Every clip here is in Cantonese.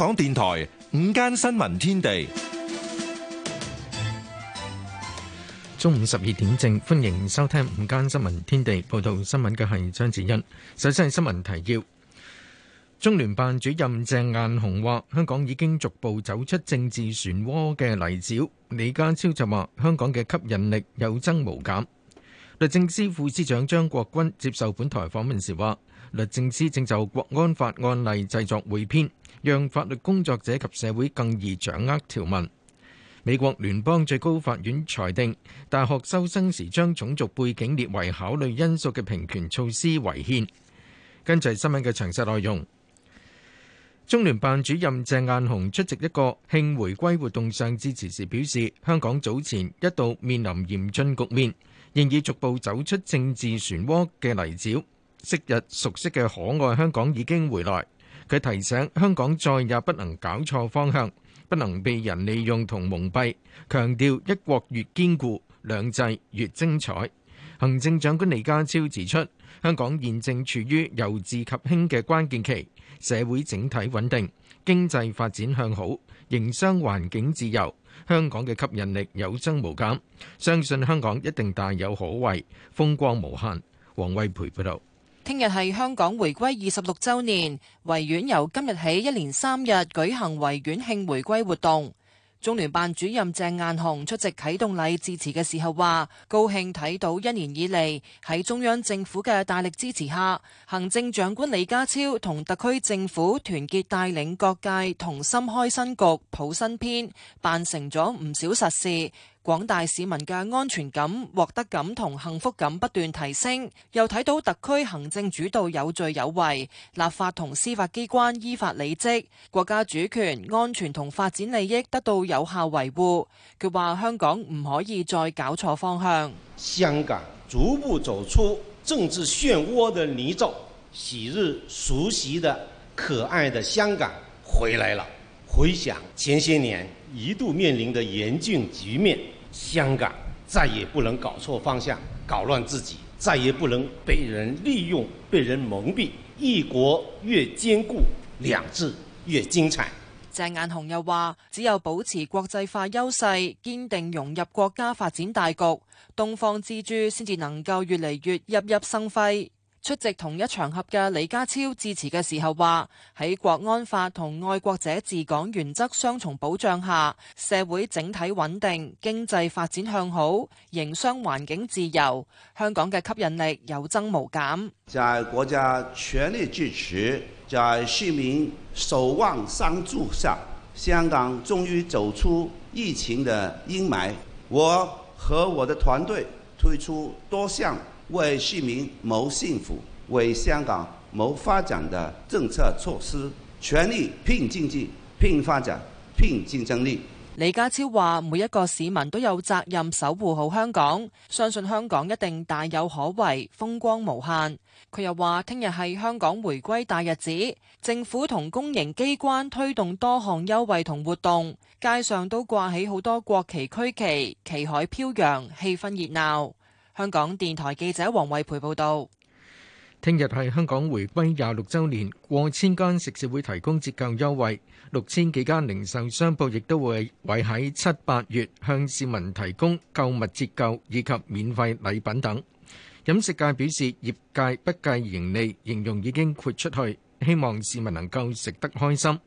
香港電台午間新聞天地，中午十二點正，歡迎收聽午間新聞天地。報道新聞嘅係張子欣。首先係新聞提要：中聯辦主任鄭雁雄話，香港已經逐步走出政治漩渦嘅泥沼。李家超就話，香港嘅吸引力有增無減。律政司副司長張國鈞接受本台訪問時話，律政司正就國安法案例製作匯編。讓法律工作者及社會更易掌握條文。美國聯邦最高法院裁定，大學收生時將種族背景列為考慮因素嘅平權措施違憲。跟住係新聞嘅詳細內容。中聯辦主任鄭雁雄出席一個慶回歸活動上致辭時表示，香港早前一度面臨嚴峻局面，現已逐步走出政治漩渦嘅泥沼，昔日熟悉嘅可愛香港已經回來。佢提醒香港再也不能搞錯方向，不能被人利用同蒙蔽。強調一國越堅固，兩制越精彩。行政長官李家超指出，香港現正處於由治及興嘅關鍵期，社會整體穩定，經濟發展向好，營商環境自由，香港嘅吸引力有增無減。相信香港一定大有可為，風光無限。黃惠培報導。聽日係香港回歸二十六周年，維園由今日起一連三日舉行維園慶回歸活動。中聯辦主任鄭雁雄出席啟動禮致辭嘅時候話：高興睇到一年以嚟喺中央政府嘅大力支持下，行政長官李家超同特區政府團結帶領各界同心開新局、譜新篇，辦成咗唔少實事。廣大市民嘅安全感、獲得感同幸福感不斷提升，又睇到特區行政主導有序有為，立法同司法機關依法履職，國家主權、安全同發展利益得到有效維護。佢話香港唔可以再搞錯方向。香港逐步走出政治漩渦的泥沼，昔日熟悉的可愛的香港回來了。回想前些年，一度面臨的嚴峻局面，香港再也不能搞錯方向、搞亂自己，再也不能被人利用、被人蒙蔽。一國越堅固，兩制越精彩。鄭雁雄又話，只有保持國際化優勢，堅定融入國家發展大局，東方之珠先至能夠越嚟越熠熠生輝。出席同一場合嘅李家超致辭嘅時候話：喺國安法同愛國者治港原則雙重保障下，社會整體穩定，經濟發展向好，營商環境自由，香港嘅吸引力有增無減。在國家全力支持、在市民守望相助下，香港終於走出疫情的陰霾。我和我的團隊推出多項。為市民謀幸福，為香港謀發展的政策措施，全力拼經濟、拼發展、拼競爭力。李家超話：每一個市民都有責任守護好香港，相信香港一定大有可為，風光無限。佢又話：聽日係香港回歸大日子，政府同公營機關推動多項優惠同活動，街上都掛起好多國旗區旗，旗海飄揚，氣氛熱鬧。香港電台記者黃慧培報道：聽日係香港回歸廿六周年，過千間食肆會提供折扣優惠，六千幾間零售商鋪亦都會喺七八月向市民提供購物折扣以及免費禮品等。飲食界表示，業界不計盈利，形容已經豁出去，希望市民能夠食得開心。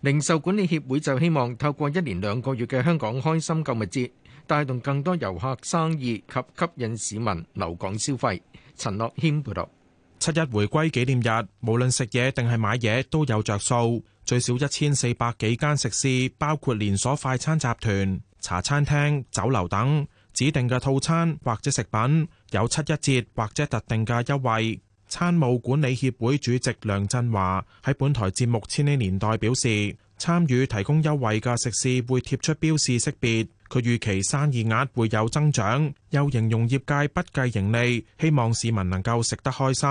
零售管理協會就希望透過一年兩個月嘅香港開心購物節。帶動更多遊客生意及吸引市民留港消費。陳樂軒報導，七一回歸紀念日，無論食嘢定係買嘢都有着數，最少一千四百幾間食肆，包括連鎖快餐集團、茶餐廳、酒樓等指定嘅套餐或者食品有七一折或者特定嘅優惠。餐務管理協會主席梁振華喺本台節目《千禧年代》表示，參與提供優惠嘅食肆會貼出標示識別。佢預期生意額會有增長，又形容業界不計盈利，希望市民能夠食得開心。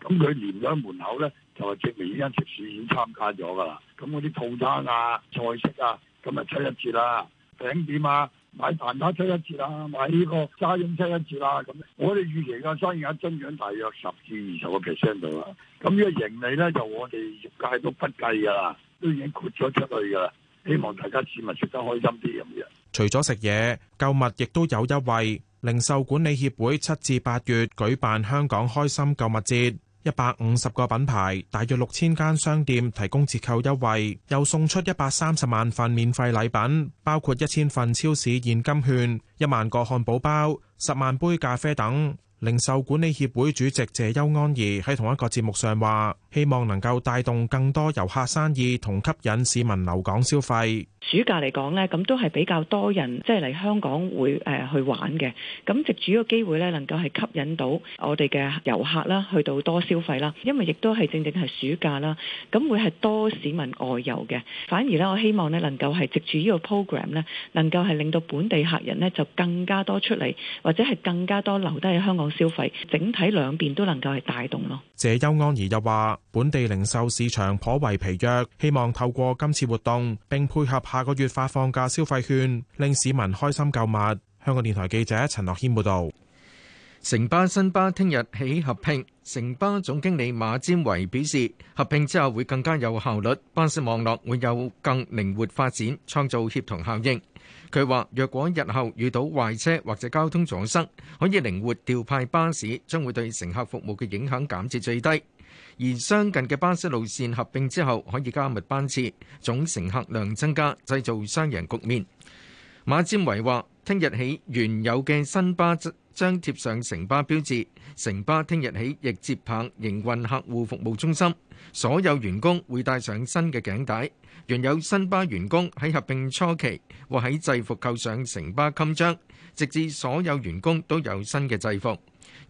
咁佢連咗門口咧，就係證明呢間食肆已經參加咗噶啦。咁嗰啲套餐啊、菜式啊，咁啊七一折啦，餅店啊買蛋撻七一折啊，買呢、啊、個沙翁七一折啦。咁我哋預期嘅生意額增長大約十至二十個 percent 度啦。咁呢個盈利咧，就我哋業界都不計噶啦，都已經豁咗出去噶啦。希望大家市民食得開心啲咁樣。除咗食嘢，購物亦都有優惠。零售管理協會七至八月舉辦香港開心購物節，一百五十個品牌、大約六千間商店提供折扣優惠，又送出一百三十萬份免費禮品，包括一千份超市現金券、一萬個漢堡包、十萬杯咖啡等。零售管理協會主席謝邱安儀喺同一個節目上話，希望能夠帶動更多遊客生意同吸引市民留港消費。暑假嚟講咧，咁都係比較多人即係嚟香港會誒去玩嘅。咁藉住呢個機會咧，能夠係吸引到我哋嘅遊客啦，去到多消費啦。因為亦都係正正係暑假啦，咁會係多市民外遊嘅。反而咧，我希望咧能夠係藉住呢個 program 咧，能夠係令到本地客人咧就更加多出嚟，或者係更加多留低喺香港。消費整體兩邊都能夠係帶動咯。謝邱安儀又話：本地零售市場頗為疲弱，希望透過今次活動並配合下個月發放嘅消費券，令市民開心購物。香港電台記者陳樂軒報道。城巴新巴聽日起合併，城巴總經理馬占維表示，合併之後會更加有效率，巴士網絡會有更靈活發展，創造協同效應。佢話：若果日後遇到壞車或者交通阻塞，可以靈活調派巴士，將會對乘客服務嘅影響減至最低。而相近嘅巴士路線合併之後，可以加密班次，總乘客量增加，製造雙贏局面。馬占維話：聽日起原有嘅新巴，將貼上城巴標誌，城巴聽日起亦接棒營運客戶服務中心，所有員工會戴上新嘅頸帶。原有新巴員工喺合併初期會喺制服扣上城巴襟章，直至所有員工都有新嘅制服。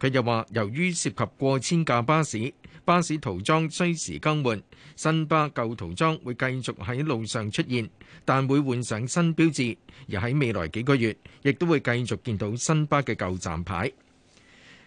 佢又話：由於涉及過千架巴士，巴士塗裝需時更換，新巴舊塗裝會繼續喺路上出現，但會換上新標誌。而喺未來幾個月，亦都會繼續見到新巴嘅舊站牌。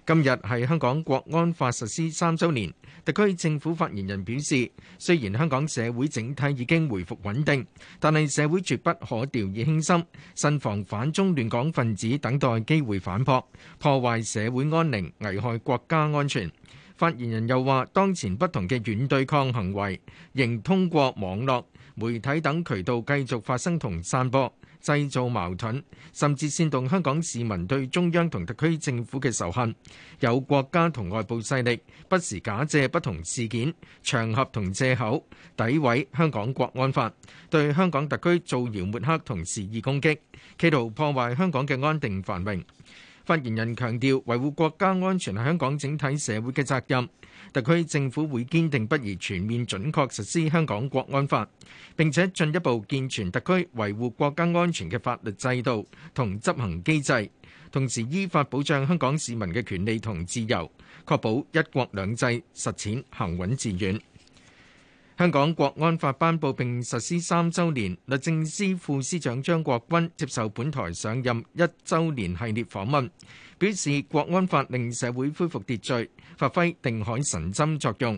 今日係香港國安法實施三週年，特區政府發言人表示，雖然香港社會整體已經回復穩定，但係社會絕不可掉以輕心，慎防反中亂港分子等待機會反撲，破壞社會安寧，危害國家安全。發言人又話：當前不同嘅軟對抗行為，仍通過網絡、媒體等渠道繼續發生同散播，製造矛盾，甚至煽動香港市民對中央同特區政府嘅仇恨。有國家同外部勢力不時假借不同事件、場合同借口，詆毀香港國安法，對香港特區造謠抹黑同肆意攻擊，企圖破壞香港嘅安定繁榮。發言人強調，維護國家安全係香港整體社會嘅責任。特區政府會堅定不移全面準確實施《香港國安法》，並且進一步健全特區維護國家安全嘅法律制度同執行機制，同時依法保障香港市民嘅權利同自由，確保一國兩制實踐行穩致遠。香港國安法頒布並實施三週年，律政司副司長張國鈞接受本台上任一週年系列訪問，表示國安法令社會恢復秩序，發揮定海神針作用。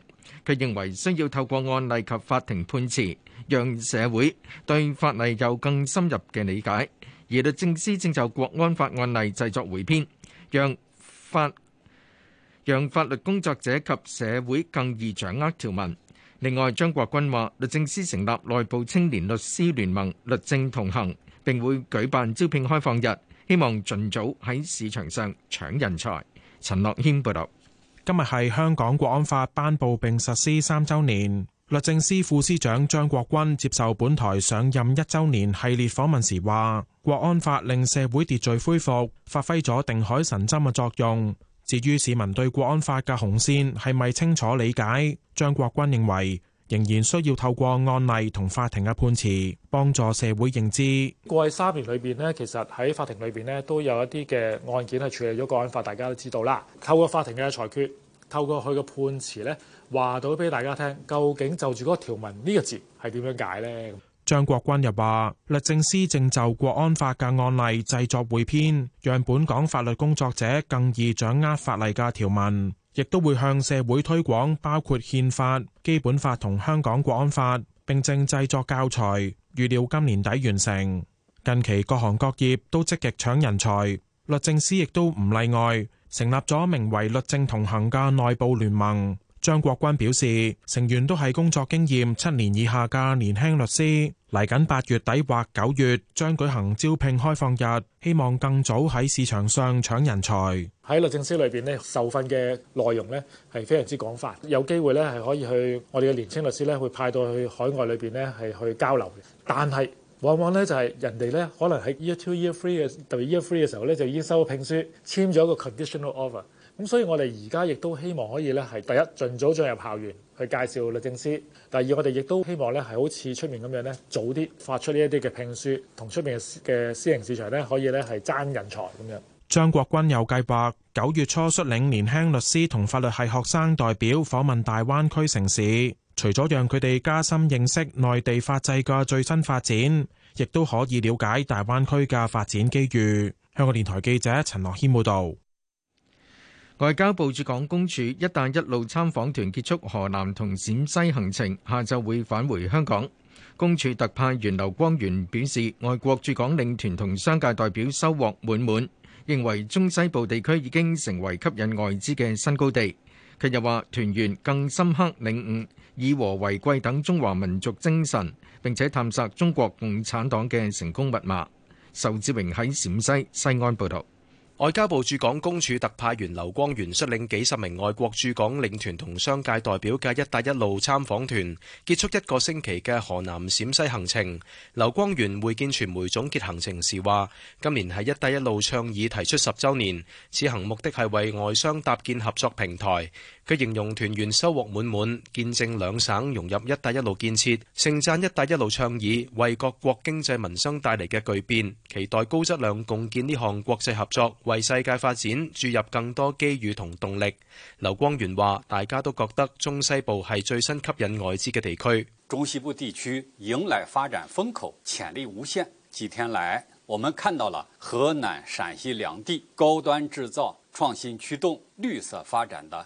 佢認為需要透過案例及法庭判詞，讓社會對法例有更深入嘅理解。而律政司正就國安法案例製作彙編，讓法讓法律工作者及社會更易掌握條文。另外，張國鈞話律政司成立內部青年律師聯盟「律政同行」，並會舉辦招聘開放日，希望盡早喺市場上搶人才。陳樂謙報導，今日係香港《國安法》頒布並實施三週年，律政司副司長張國鈞接受本台上任一週年系列訪問時話，《國安法》令社會秩序恢復，發揮咗定海神針嘅作用。至於市民對國安法嘅紅線係咪清楚理解？張國軍認為仍然需要透過案例同法庭嘅判詞幫助社會認知。過去三年裏邊呢，其實喺法庭裏邊呢，都有一啲嘅案件係處理咗國安法，大家都知道啦。透過法庭嘅裁決，透過佢嘅判詞呢，話到俾大家聽，究竟就住嗰個條文呢個字係點樣解呢？張國鈞又話，律政司正就國安法嘅案例製作彙編，讓本港法律工作者更易掌握法例嘅條文，亦都會向社會推廣，包括憲法、基本法同香港國安法，並正製作教材，預料今年底完成。近期各行各業都積極搶人才，律政司亦都唔例外，成立咗名為“律政同行”嘅內部聯盟。張國鈞表示，成員都係工作經驗七年以下嘅年輕律師，嚟緊八月底或九月將舉行招聘開放日，希望更早喺市場上搶人才。喺律政司裏邊咧，受訓嘅內容咧係非常之廣泛，有機會咧係可以去我哋嘅年輕律師咧會派到去海外裏邊咧係去交流嘅。但係往往就係人哋可能喺 year two year three 嘅，特別 year three 嘅時候就已經收咗聘書，簽咗個 conditional offer。咁所以我哋而家亦都希望可以咧，係第一，盡早進入校園去介紹律政司，第二，我哋亦都希望咧，係好似出面咁樣咧，早啲發出呢一啲嘅聘書同出面嘅私營市場咧，可以咧係爭人才咁樣。張國軍又計劃九月初率領年輕律師同法律系學生代表訪問大灣區城市，除咗讓佢哋加深認識內地法制嘅最新發展，亦都可以了解大灣區嘅發展機遇。香港電台記者陳樂謙報道。外交部駐港公署“一帶一路”參訪團結束河南同陜西行程，下晝會返回香港。公署特派員劉光源表示，外國駐港領團同商界代表收穫滿滿，認為中西部地區已經成為吸引外資嘅新高地。佢又話，團員更深刻領悟以和為貴等中華民族精神，並且探索中國共產黨嘅成功密碼。仇志榮喺陜西西安報道。外交部駐港公署特派員劉光源率領幾十名外國駐港領團同商界代表嘅一帶一路參訪團結束一個星期嘅河南、陝西行程。劉光源會見傳媒總結行程時話，今年係，一帶一路倡議提出十周年，此行目的係為外商搭建合作平台。佢形容團員收穫滿滿，見證兩省融入“一帶一路”建設，盛讚“一帶一路”倡議為各國經濟民生帶嚟嘅巨變。期待高質量共建呢項國際合作，為世界發展注入更多機遇同動力。劉光源話：大家都覺得中西部係最新吸引外資嘅地區。中西部地區迎來發展風口，潛力無限。幾天來，我們看到了河南、陝西兩地高端製造、創新驅動、綠色發展的。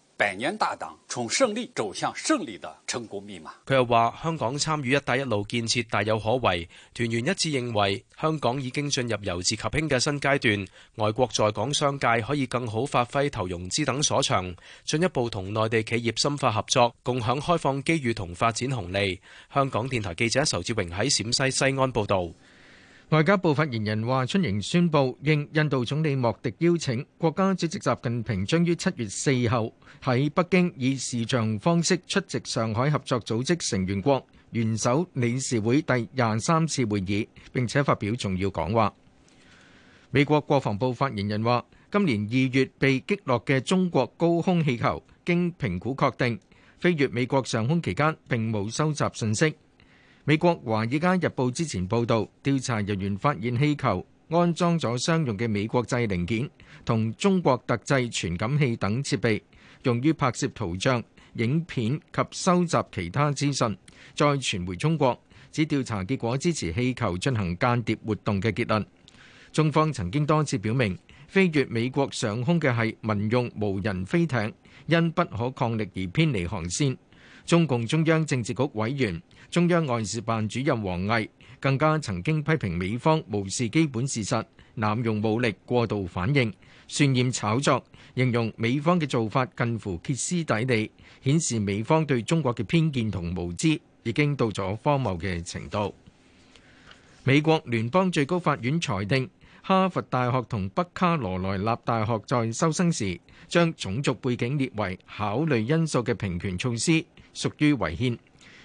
百年大黨從勝利走向勝利的成功密碼。佢又話香港參與一帶一路建設大有可為。團員一致認為香港已經進入由治及興嘅新階段，外國在港商界可以更好發揮投融資等所長，進一步同內地企業深化合作，共享開放機遇同發展紅利。香港電台記者仇志榮喺陝西西安報道。外交部發言人華春瑩宣布應印度總理莫迪邀請，國家主席習近平將於七月四號喺北京以視像方式出席上海合作組織成員國元首理事會第廿三次會議，並且發表重要講話。美國國防部發言人話：今年二月被擊落嘅中國高空氣球，經評估確定飛越美國上空期間並冇收集信息。美國華爾街日報之前報導，調查人員發現氣球安裝咗商用嘅美國製零件同中國特製傳感器等設備，用於拍攝圖像、影片及收集其他資訊，再傳回中國，指調查結果支持氣球進行間諜活動嘅結論。中方曾經多次表明，飛越美國上空嘅係民用無人飛艇，因不可抗力而偏離航線。中共中央政治局委員、中央外事辦主任王毅更加曾經批評美方無視基本事實、濫用武力、過度反應、渲染炒作，形容美方嘅做法近乎歇斯底里，顯示美方對中國嘅偏見同無知已經到咗荒謬嘅程度。美國聯邦最高法院裁定，哈佛大學同北卡羅來納大學在收生時將種族背景列為考慮因素嘅平權措施，屬於違憲。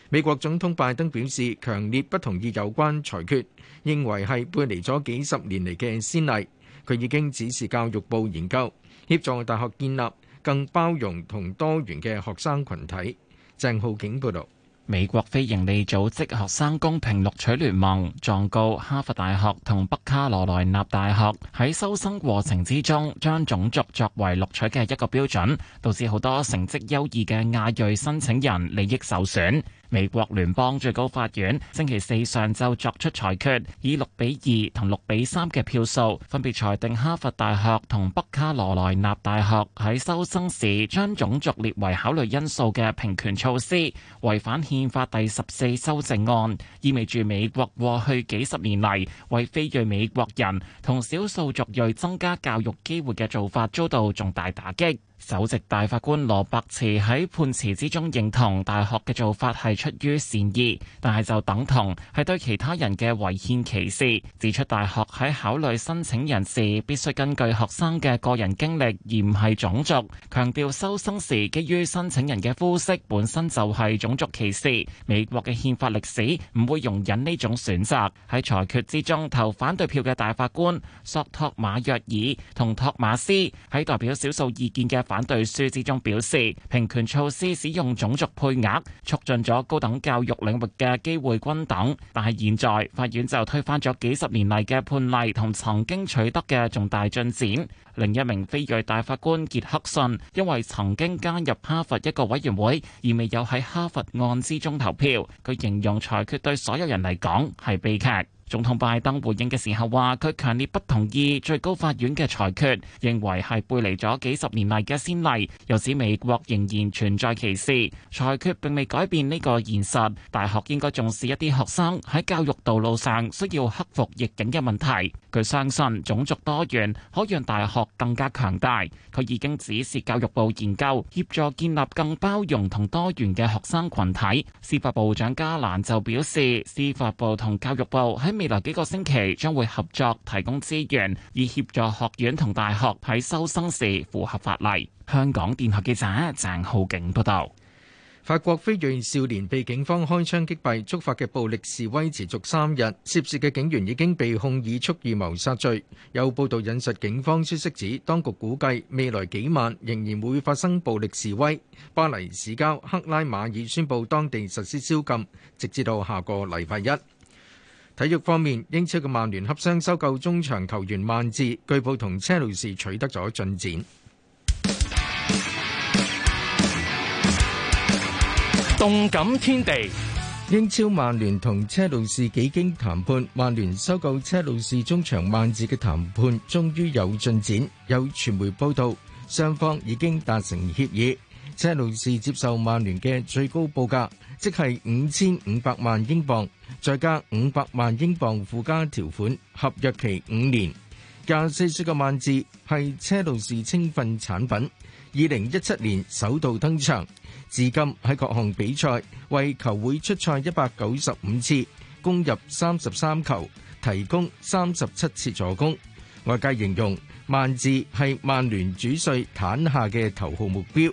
美國總統拜登表示強烈不同意有關裁決，認為係背離咗幾十年嚟嘅先例。佢已經指示教育部研究，協助大學建立更包容同多元嘅學生羣體。鄭浩景報道。美國非營利組織學生公平錄取聯盟狀告哈佛大學同北卡羅來納大學喺收生過程之中將種族作為錄取嘅一個標準，導致好多成績優異嘅亞裔申請人利益受損。美國聯邦最高法院星期四上晝作出裁決，以六比二同六比三嘅票數，分別裁定哈佛大學同北卡羅來納大學喺收生時將種族列為考慮因素嘅平權措施違反憲法第十四修正案，意味住美國過去幾十年嚟為非裔美國人同少數族裔增加教育機會嘅做法遭到重大打擊。首席大法官羅伯茨喺判詞之中認同大學嘅做法係出於善意，但係就等同係對其他人嘅違憲歧視。指出大學喺考慮申請人時必須根據學生嘅個人經歷而唔係種族。強調收生時基於申請人嘅膚色本身就係種族歧視。美國嘅憲法歷史唔會容忍呢種選擇，喺裁決之中投反對票嘅大法官索托馬約爾同托馬斯喺代表少數意見嘅。反對書之中表示，平權措施使用種族配額促進咗高等教育領域嘅機會均等。但係現在法院就推翻咗幾十年嚟嘅判例同曾經取得嘅重大進展。另一名非裔大法官傑克遜，因為曾經加入哈佛一個委員會而未有喺哈佛案之中投票。佢形容裁決對所有人嚟講，係悲劇。總統拜登回應嘅時候話，佢強烈不同意最高法院嘅裁決，認為係背離咗幾十年嚟嘅先例，又指美國仍然存在歧視。裁決並未改變呢個現實，大學應該重視一啲學生喺教育道路上需要克服逆境嘅問題。佢相信種族多元可讓大學更加強大。佢已經指示教育部研究協助建立更包容同多元嘅學生群體。司法部長加蘭就表示，司法部同教育部喺未來幾個星期將會合作提供資源，以協助學院同大學喺收生時符合法例。香港電台記者鄭浩景報道。法國飛越少年被警方開槍擊斃，觸發嘅暴力示威持續三日，涉事嘅警員已經被控以蓄意謀殺罪。有報道引述警方消息指，當局估計未來幾晚仍然會發生暴力示威。巴黎市郊克拉馬爾宣布當地實施宵禁，直至到下個禮拜一。體育方面，英超嘅曼聯合商收購中場球員萬志，據報同車路士取得咗進展。動感天地，英超曼聯同車路士幾經談判，曼聯收購車路士中場萬志嘅談判終於有進展。有傳媒報道，雙方已經達成協議。車路士接受曼聯嘅最高報價，即係五千五百萬英鎊，再加五百萬英鎊附加條款，合約期五年。廿四歲嘅曼治係車路士青訓產品，二零一七年首度登場，至今喺各項比賽為球會出賽一百九十五次，攻入三十三球，提供三十七次助攻。外界形容曼治係曼聯主帥坦下嘅頭號目標。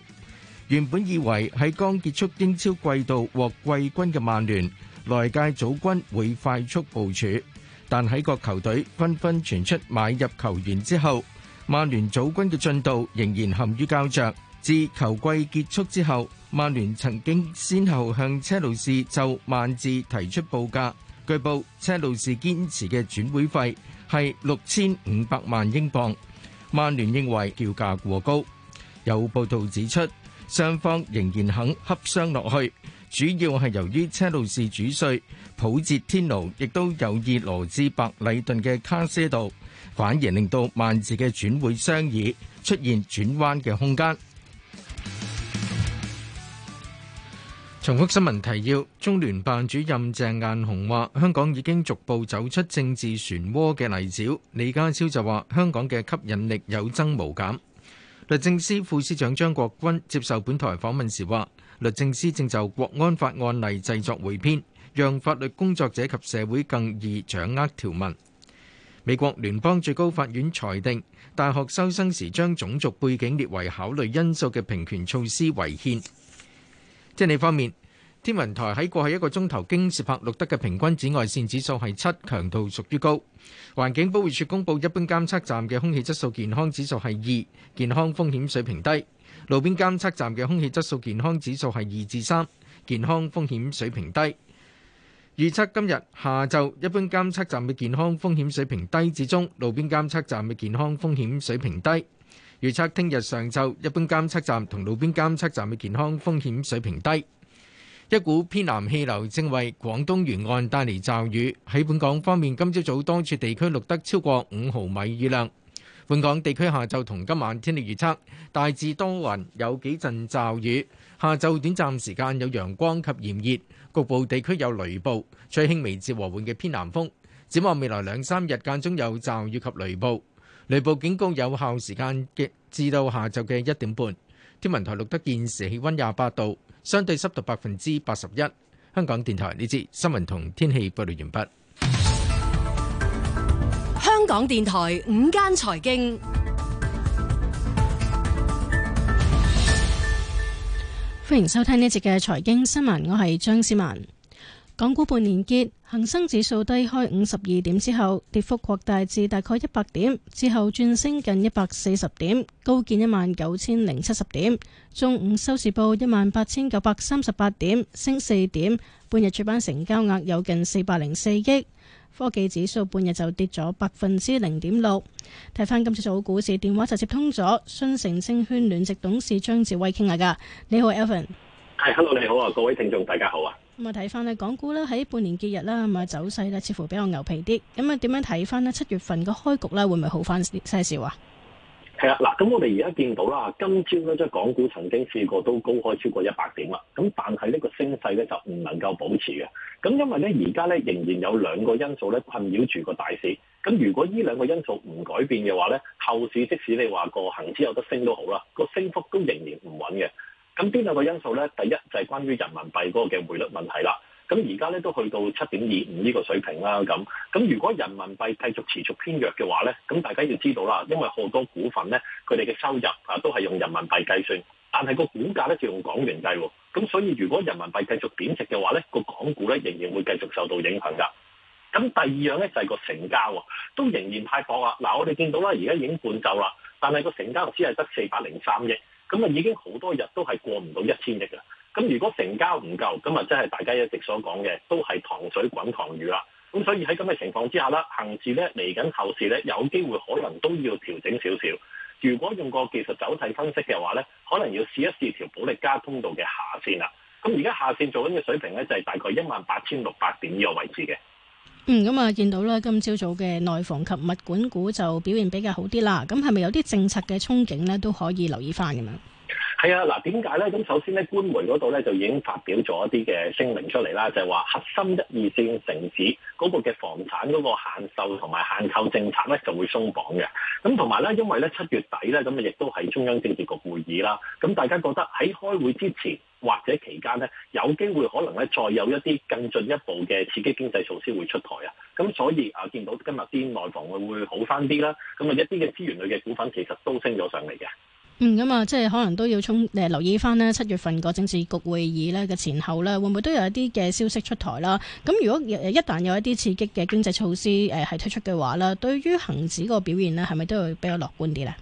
原本以為喺剛結束英超季度獲季軍嘅曼聯，來屆組軍會快速部署，但喺各球隊紛紛傳出買入球員之後，曼聯組軍嘅進度仍然陷於膠著。自球季結束之後，曼聯曾經先後向車路士就曼治提出報價，據報車路士堅持嘅轉會費係六千五百萬英鎊，曼聯認為叫價過高。有報道指出，雙方仍然肯洽商落去，主要係由於車路士主帥普捷天奴亦都有意羅致白禮頓嘅卡斯道，反而令到曼市嘅轉會商議出現轉彎嘅空間。重複新聞提要：中聯辦主任鄭雁雄話，香港已經逐步走出政治漩渦嘅泥沼。李家超就話，香港嘅吸引力有增無減。律政司副司長張國鈞接受本台訪問時話，律政司正就國安法案例製作匯編，讓法律工作者及社會更易掌握條文。美國聯邦最高法院裁定，大學收生時將種族背景列為考慮因素嘅平權措施違憲。即係呢方面。天文台喺過去一個鐘頭京士柏錄得嘅平均紫外線指數係七，強度屬於高。環境保護署公布一般監測站嘅空氣質素健康指數係二，健康風險水平低。路邊監測站嘅空氣質素健康指數係二至三，健康風險水平低。預測今日下晝一般監測站嘅健康風險水平低至中，路邊監測站嘅健康風險水平低。預測聽日上晝一般監測站同路邊監測站嘅健康風險水平低。一股偏南氣流正為廣東沿岸帶嚟驟雨，喺本港方面，今朝早多處地區錄得超過五毫米雨量。本港地區下晝同今晚天氣預測，大致多雲，有幾陣驟雨。下晝短暫時間有陽光及炎熱，局部地區有雷暴，吹輕微至和緩嘅偏南風，展望未來兩三日間中有驟雨及雷暴，雷暴警告有效時間嘅至到下晝嘅一點半。天文台錄得現時氣溫廿八度。相對濕度百分之八十一。香港電台呢節新聞同天氣報道完畢。香港電台午間財經，歡迎收聽呢節嘅財經新聞，我係張思文。港股半年結。恒生指數低開五十二點之後，跌幅擴大至大概一百點之後，轉升近一百四十點，高見一萬九千零七十點。中午收市報一萬八千九百三十八點，升四點。半日主板成交額有近四百零四億。科技指數半日就跌咗百分之零點六。睇返今次早股市電話就接通咗，信誠證券聯席董事張志威傾下㗎。你好，Alvin。係 Al、hey，hello，你好啊，各位聽眾，大家好啊。咁啊，睇翻咧，港股啦，喺半年結日啦，咁啊走勢咧似乎比較牛皮啲。咁啊，點樣睇翻咧？七月份個開局咧，會唔會好翻啲些少啊？係啊，嗱，咁我哋而家見到啦，今朝咧即係港股曾經試過都高開超過一百點啦。咁但係呢個升勢咧就唔能夠保持嘅。咁因為咧而家咧仍然有兩個因素咧困擾住個大市。咁如果呢兩個因素唔改變嘅話咧，後市即使你話個恒指有得升都好啦，個升幅都仍然唔穩嘅。咁邊兩個因素咧？第一就係關於人民幣嗰個嘅匯率問題啦。咁而家咧都去到七點二五呢個水平啦。咁咁如果人民幣繼續持續偏弱嘅話咧，咁大家要知道啦，因為好多股份咧，佢哋嘅收入啊都係用人民幣計算，但係個股價咧就用港元計喎。咁所以如果人民幣繼續貶值嘅話咧，個港股咧仍然會繼續受到影響噶。咁第二樣咧就係個成交啊，都仍然太薄啊。嗱，我哋見到啦，而家已經半晝啦，但係個成交只係得四百零三億。咁啊，已經好多日都係過唔到一千億啦。咁如果成交唔夠，咁啊真係大家一直所講嘅，都係糖水滾糖魚啦。咁所以喺咁嘅情況之下啦，恆指呢嚟緊後市呢，有機會可能都要調整少少。如果用個技術走勢分析嘅話呢，可能要試一試條保力加通道嘅下線啦。咁而家下線做緊嘅水平呢，就係大概一萬八千六百點呢個位置嘅。嗯，咁啊，見到啦，今朝早嘅內房及物管股就表現比較好啲啦。咁係咪有啲政策嘅憧憬咧？都可以留意翻咁樣。係啊，嗱點解咧？咁首先咧，官媒嗰度咧就已經發表咗一啲嘅聲明出嚟啦，就係話核心一二線城市嗰個嘅房產嗰個限售同埋限購政策咧就會鬆綁嘅。咁同埋咧，因為咧七月底咧咁啊，亦都係中央政治局會議啦。咁大家覺得喺開會之前或者期間咧，有機會可能咧再有一啲更進一步嘅刺激經濟措施會出台啊。咁所以啊，見到今日啲內房會會好返啲啦。咁啊，一啲嘅資源類嘅股份其實都升咗上嚟嘅。嗯，咁啊，即係可能都要冲誒留意翻咧，七月份個政治局會議咧嘅前後咧，會唔會都有一啲嘅消息出台啦？咁如果一旦有一啲刺激嘅經濟措施誒係推出嘅話咧，對於恒指個表現咧，係咪都會比較樂觀啲咧？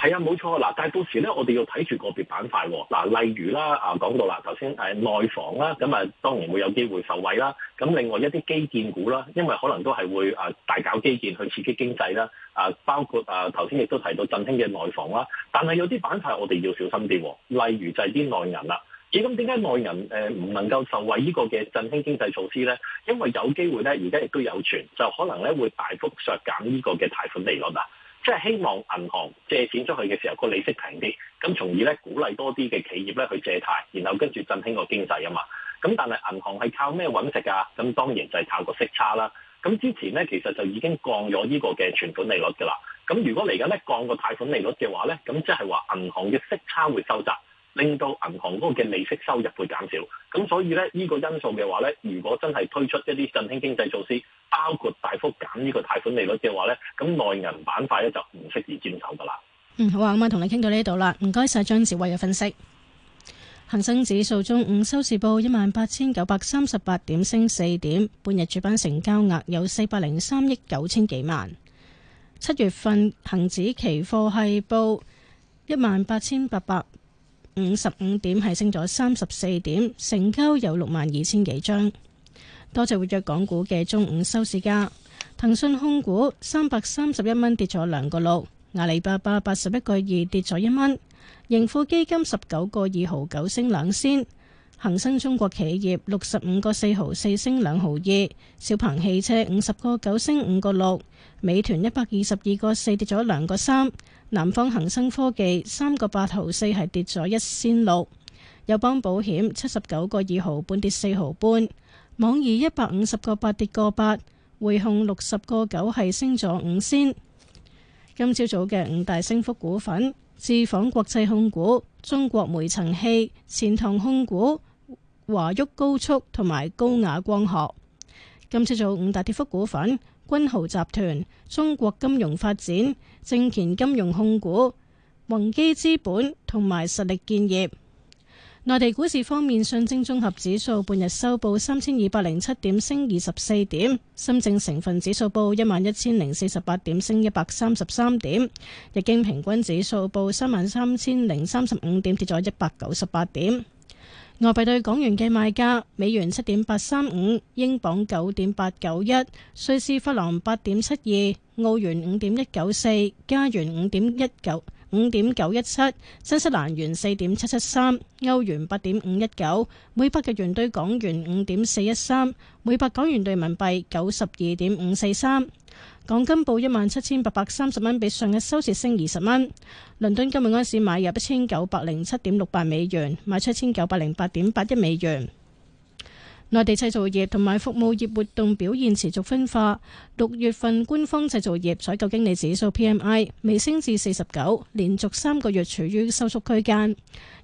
係啊，冇錯嗱，但係到時咧，我哋要睇住個別板塊喎。嗱，例如啦，啊講到啦，頭先內房啦，咁啊當然會有機會受惠啦。咁另外一啲基建股啦，因為可能都係會啊大搞基建去刺激經濟啦。啊，包括啊頭先亦都提到振興嘅內房啦。但係有啲板塊我哋要小心啲，例如就係啲內銀啦。咦？咁點解內銀唔能夠受惠呢個嘅振興經濟措施咧？因為有機會咧，而家亦都有傳，就可能咧會大幅削減呢個嘅貸款利率啊。即係希望銀行借錢出去嘅時候個利息平啲，咁從而咧鼓勵多啲嘅企業咧去借貸，然後跟住振興個經濟啊嘛。咁但係銀行係靠咩揾食啊？咁當然就係靠個息差啦。咁之前咧其實就已經降咗呢個嘅存款利率㗎啦。咁如果嚟緊咧降個貸款利率嘅話咧，咁即係話銀行嘅息差會收窄。令到銀行嗰個嘅利息收入會減少，咁所以呢，呢、呢個因素嘅話呢，如果真係推出一啲振興經濟措施，包括大幅減呢個貸款利率嘅話呢，咁內銀板塊呢就唔適宜轉頭噶啦。嗯，好啊，咁啊，同你傾到呢度啦。唔該晒張志偉嘅分析。恒生指數中午收市報一萬八千九百三十八點，升四點。半日主板成交額有四百零三億九千幾萬。七月份恒指期貨係報一萬八千八百五十五點係升咗三十四點，成交有六萬二千幾張。多隻活躍港股嘅中午收市價，騰訊控股三百三十一蚊跌咗兩個六，阿里巴巴八十一個二跌咗一蚊，盈富基金十九個二毫九升兩仙，恒生中國企業六十五個四毫四升兩毫二，小鵬汽車五十個九升五個六，美團一百二十二個四跌咗兩個三。南方恒生科技三個八毫四係跌咗一仙六，友邦保險七十九個二毫半跌四毫半，網易一百五十個八跌個八，匯控六十個九係升咗五仙。今朝早嘅五大升幅股份：智仿國際控股、中國煤層氣、錢塘控股、華旭高速同埋高雅光學。今朝早五大跌幅股份：君豪集團、中國金融發展、政權金融控股、宏基資本同埋實力建業。內地股市方面，上證綜合指數半日收報三千二百零七點，升二十四點；深證成分指數報一萬一千零四十八點，升一百三十三點；日經平均指數報三萬三千零三十五點，跌咗一百九十八點。外幣兌港元嘅賣價：美元七點八三五，英鎊九點八九一，瑞士法郎八點七二，澳元五點一九四，加元五點一九五點九一七，新西蘭元四點七七三，歐元八點五一九，每百日元兌港元五點四一三，每百港元兌人民幣九十二點五四三。港金報一萬七千八百三十蚊，比上日收市升二十蚊。倫敦今日晏市買入一千九百零七點六八美元，賣七千九百零八點八一美元。內地製造業同埋服務業活動表現持續分化。六月份官方製造業採購經理指數 P M I 未升至四十九，連續三個月處於收縮區間。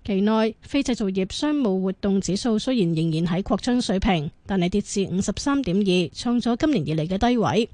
期內非製造業商務活動指數雖然仍然喺擴張水平，但係跌至五十三點二，創咗今年以嚟嘅低位。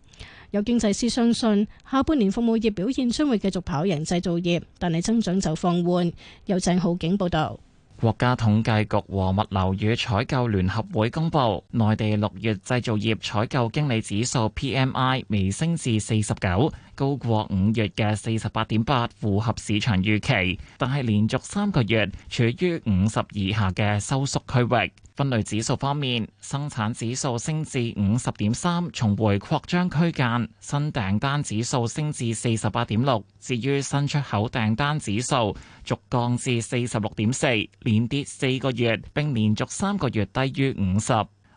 有經濟師相信下半年服務業表現將會繼續跑贏製造業，但係增長就放緩。由鄭浩景報導，國家統計局和物流與採購聯合會公佈，內地六月製造業採購經理指數 PMI 微升至四十九，高過五月嘅四十八點八，符合市場預期，但係連續三個月處於五十以下嘅收縮區域。分類指數方面，生產指數升至五十點三，重回擴張區間；新訂單指數升至四十八點六，至於新出口訂單指數，續降至四十六點四，連跌四個月，並連續三個月低於五十。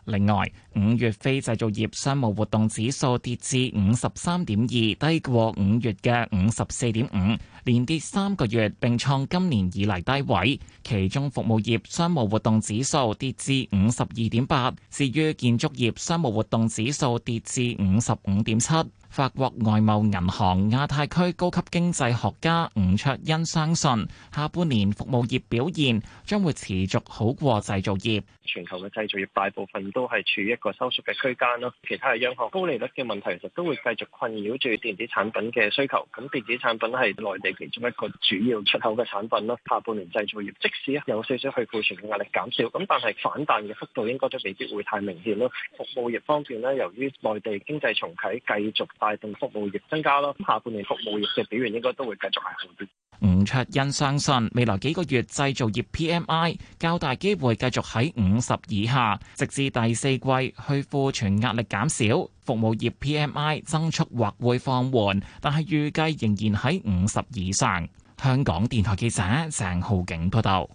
另外，五月非製造業商務活動指數跌至五十三點二，低過五月嘅五十四點五，連跌三個月，並創今年以嚟低位。其中服務業商務活動指數跌至五十二點八，至於建築業商務活動指數跌至五十五點七。法國外貿銀行亞太區高級經濟學家吳卓恩相信，下半年服務業表現將會持續好過製造業。全球嘅製造業大部分都係處於一個收縮嘅區間咯，其他嘅央行高利率嘅問題其實都會繼續困擾住電子產品嘅需求。咁電子產品係內地其中一個主要出口嘅產品咯。下半年製造業即使有少少去庫存嘅壓力減少，咁但係反彈嘅幅度應該都未必會太明顯咯。服務業方面呢，由於內地經濟重啟繼續帶動服務業增加咯，下半年服務業嘅表現應該都會繼續係好啲。吳卓欣相信未來幾個月製造業 PMI 較大機會繼續喺五十以下，直至第四季去庫存壓力減少，服務業 PMI 增速或會放緩，但係預計仍然喺五十以上。香港電台記者鄭浩景報道。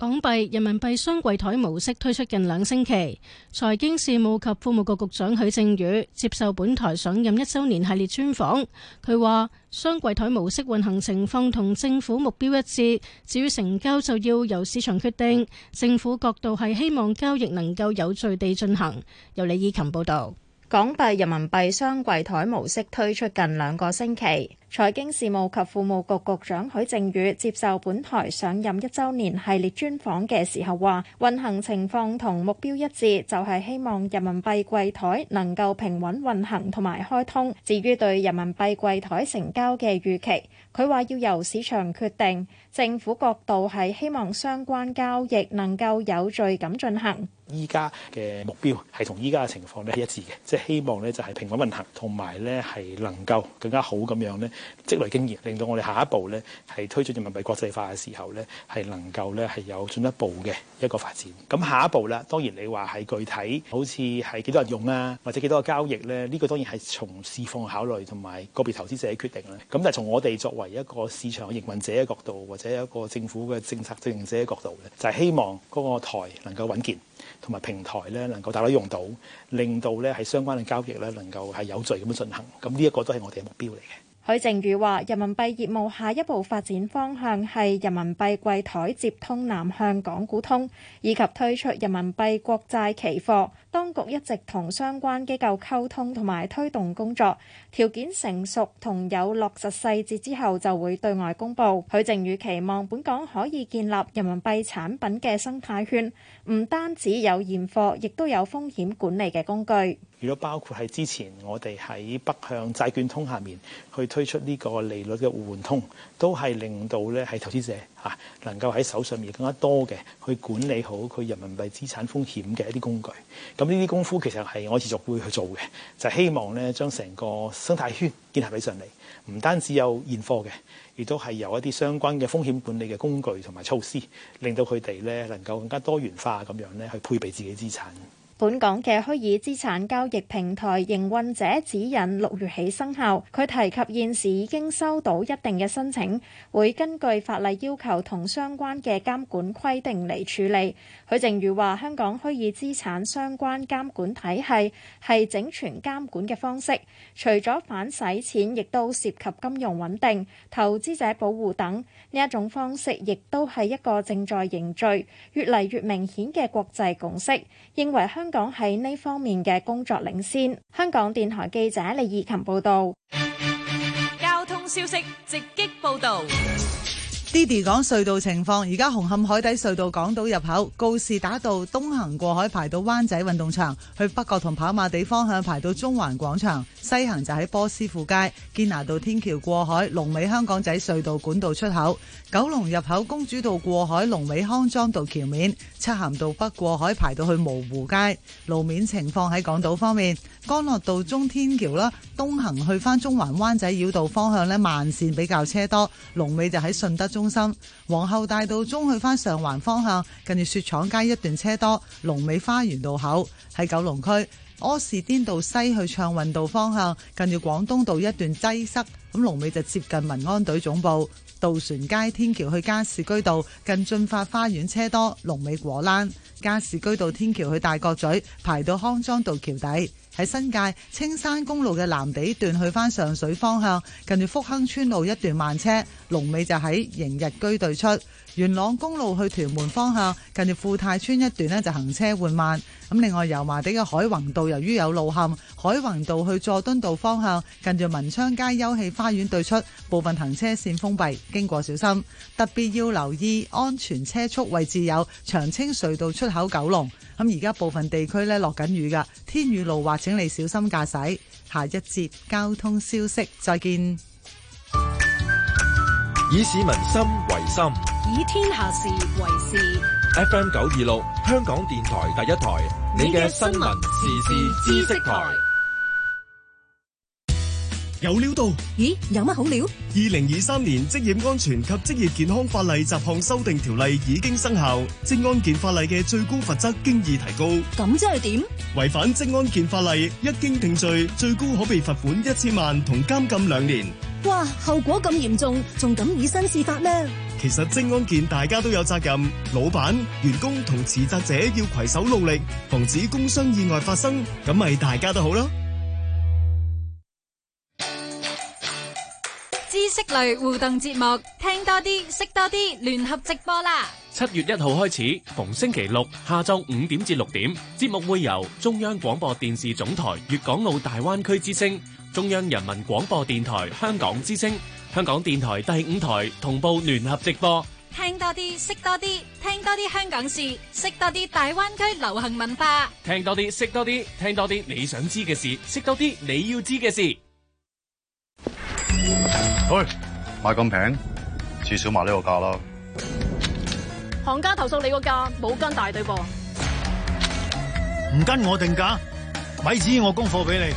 港幣、人民幣雙櫃台模式推出近兩星期，財經事務及庫務局局長許正宇接受本台上任一周年系列專訪，佢話雙櫃台模式運行情況同政府目標一致，至於成交就要由市場決定，政府角度係希望交易能夠有序地進行。由李以琴報道。港幣、人民幣雙櫃台模式推出近兩個星期。財經事務及庫務局局長許正宇接受本台上任一周年系列專訪嘅時候話，運行情況同目標一致，就係、是、希望人民幣櫃台能夠平穩運行同埋開通。至於對人民幣櫃台成交嘅預期，佢話要由市場決定。政府角度係希望相關交易能夠有序咁進行。依家嘅目標係同依家嘅情況呢一致嘅，即係希望呢就係平穩運行同埋呢係能夠更加好咁樣呢。積累經驗，令到我哋下一步咧係推進人民幣國際化嘅時候咧，係能夠咧係有進一步嘅一個發展。咁下一步啦，當然你話係具體好似係幾多人用啦、啊，或者幾多個交易咧？呢、這個當然係從市況考慮同埋個別投資者嘅決定啦。咁但係從我哋作為一個市場的營運者嘅角度，或者一個政府嘅政策制定者嘅角度咧，就係、是、希望嗰個台能夠穩健，同埋平台咧能夠大家用到，令到咧係相關嘅交易咧能夠係有序咁樣進行。咁呢一個都係我哋嘅目標嚟嘅。許正宇話，人民幣業務下一步發展方向係人民幣櫃台接通南向港股通，以及推出人民幣國債期貨。當局一直同相關機構溝通同埋推動工作，條件成熟同有落實細節之後，就會對外公佈。許正宇期望本港可以建立人民幣產品嘅生態圈，唔單止有現貨，亦都有風險管理嘅工具。如果包括係之前我哋喺北向債券通下面去推出呢個利率嘅互換通，都係令到咧係投資者。啊，能夠喺手上面更加多嘅去管理好佢人民幣資產風險嘅一啲工具，咁呢啲功夫其實係我持續會去做嘅，就係，希望咧將成個生態圈建立起上嚟，唔單止有現貨嘅，亦都係有一啲相關嘅風險管理嘅工具同埋措施，令到佢哋咧能夠更加多元化咁樣咧去配備自己的資產。本港嘅虛擬資產交易平台營運者指引六月起生效，佢提及現時已經收到一定嘅申請，會根據法例要求同相關嘅監管規定嚟處理。許正宇話香港虛擬資產相關監管體係係整全監管嘅方式，除咗反洗錢亦都涉及金融穩定、投資者保護等。呢一種方式亦都係一個正在凝聚、越嚟越明顯嘅國際共識，認為香香港喺呢方面嘅工作領先。香港電台記者李怡琴報道。交通消息直擊報道。d 啲港講隧道情況，而家紅磡海底隧道港島入口告士打道東行過海排到灣仔運動場，去北角同跑馬地方向排到中環廣場；西行就喺波斯富街堅拿道天橋過海，龍尾香港仔隧道管道出口；九龍入口公主道過海龍尾康莊道橋面，漆咸道北過海排到去蕪湖街。路面情況喺港島方面，干諾道中天橋啦，東行去返中環灣仔繞道方向呢，慢線比較車多，龍尾就喺順德中，中心皇后大道中去返上環方向，近住雪廠街一段車多；龍尾花園路口喺九龍區，柯士甸道西去暢運道方向，近住廣東道一段擠塞；咁龍尾就接近民安隊總部，渡船街天橋去加士居道近駿發花園車多，龍尾果欄。加士居道天橋去大角咀排到康莊道橋底，喺新界青山公路嘅藍地段去返上水方向，近住福亨村路一段慢車；龍尾就喺迎日居對出；元朗公路去屯門方向，近住富泰村一段呢就行車緩慢。咁另外油麻地嘅海泓道由於有路陷，海泓道去佐敦道方向，近住文昌街休憩花園對出部分行車綫封閉，經過小心，特別要留意安全車速位置有長青隧道出口九龍，咁而家部分地區咧落緊雨噶，天雨路滑，請你小心駕駛。下一節交通消息，再見。以市民心為心，以天下事為事。FM 九二六，香港電台第一台，你嘅新聞時事知識台。有料到？咦，有乜好料？二零二三年職業安全及職業健康法例集項修訂條例已經生效，職安健法例嘅最高罰則經已提高。咁即係點？違反職安健法例一經定罪，最高可被罰款一千萬同監禁兩年。哇，後果咁嚴重，仲敢以身試法咩？其實職安健大家都有責任，老闆、員工同持責者要携手努力，防止工傷意外發生，咁咪大家都好啦。積累互動節目，聽多啲，識多啲，聯合直播啦！七月一號開始，逢星期六下晝五點至六點，節目會由中央廣播電視總台、粵港澳大灣區之聲、中央人民廣播電台、香港之聲、香港電台第五台同步聯合直播。聽多啲，識多啲，聽多啲香港事，識多啲大灣區流行文化。聽多啲，識多啲，聽多啲你想知嘅事，識多啲你要知嘅事。去買咁平，至少買呢個價啦。行家投訴你個價冇跟大隊噃，唔跟我定價，咪旨意我供貨俾你。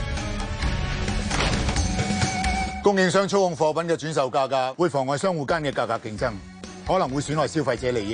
供應商操控貨品嘅轉售價格，會妨礙商戶間嘅價格競爭，可能會損害消費者利益。